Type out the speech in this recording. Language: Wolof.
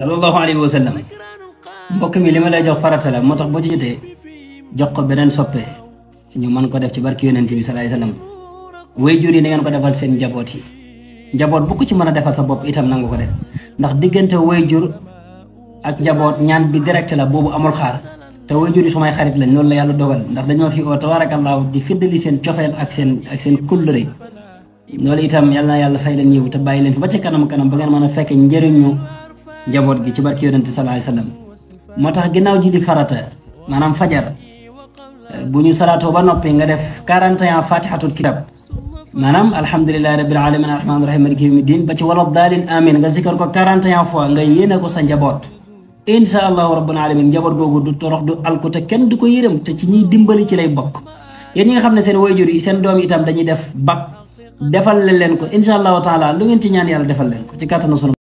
sallallahu alayhi wa sallam mbokk mi li ma lay jox farata la moo tax boo ci jotee jox ko beneen soppe ñu mën ko def ci barki yonent bi sallallahu alayhi wa way jur yi na ngeen ko defal seen njaboot yi njaboot bu ko ci mën a defal sa bopp itam nangu ko def ndax diggante way jur ak njaboot ñaan bi direct la boobu amul xaar te way jur yi sumay xarit la loolu la yàlla dogal ndax dañoo fi oo tabaarakallaahu di fiddali seen cofeel ak seen ak seen kullëre loolu itam yàlla na yàlla fay leen yiw te bàyyi leen fi ba ci mën a fekke njëriñu njaboot gi ci barki yonent salaay sallam moo tax ginnaaw julli farata maanaam fajar eh, bu ñu salaatoo ba noppi nga def 41 fatihatul kitab maanaam alhamdulilahi rabil alamin arrahman rahim maliki yawmi din ba ci wala daalin amin nga sikkar ko 41 fois nga yéene ko sa njaboot incha allahu rabbul alamin njaboot googu du torox du alku te kenn du ko yërëm te ci ñiy dimbali ci lay bokk yéen ñi nga xam ne seen wayjur yi seen doom itam dañuy def bak defal leen ko incha allahu taala lu ngeen ci ñaan yàlla defal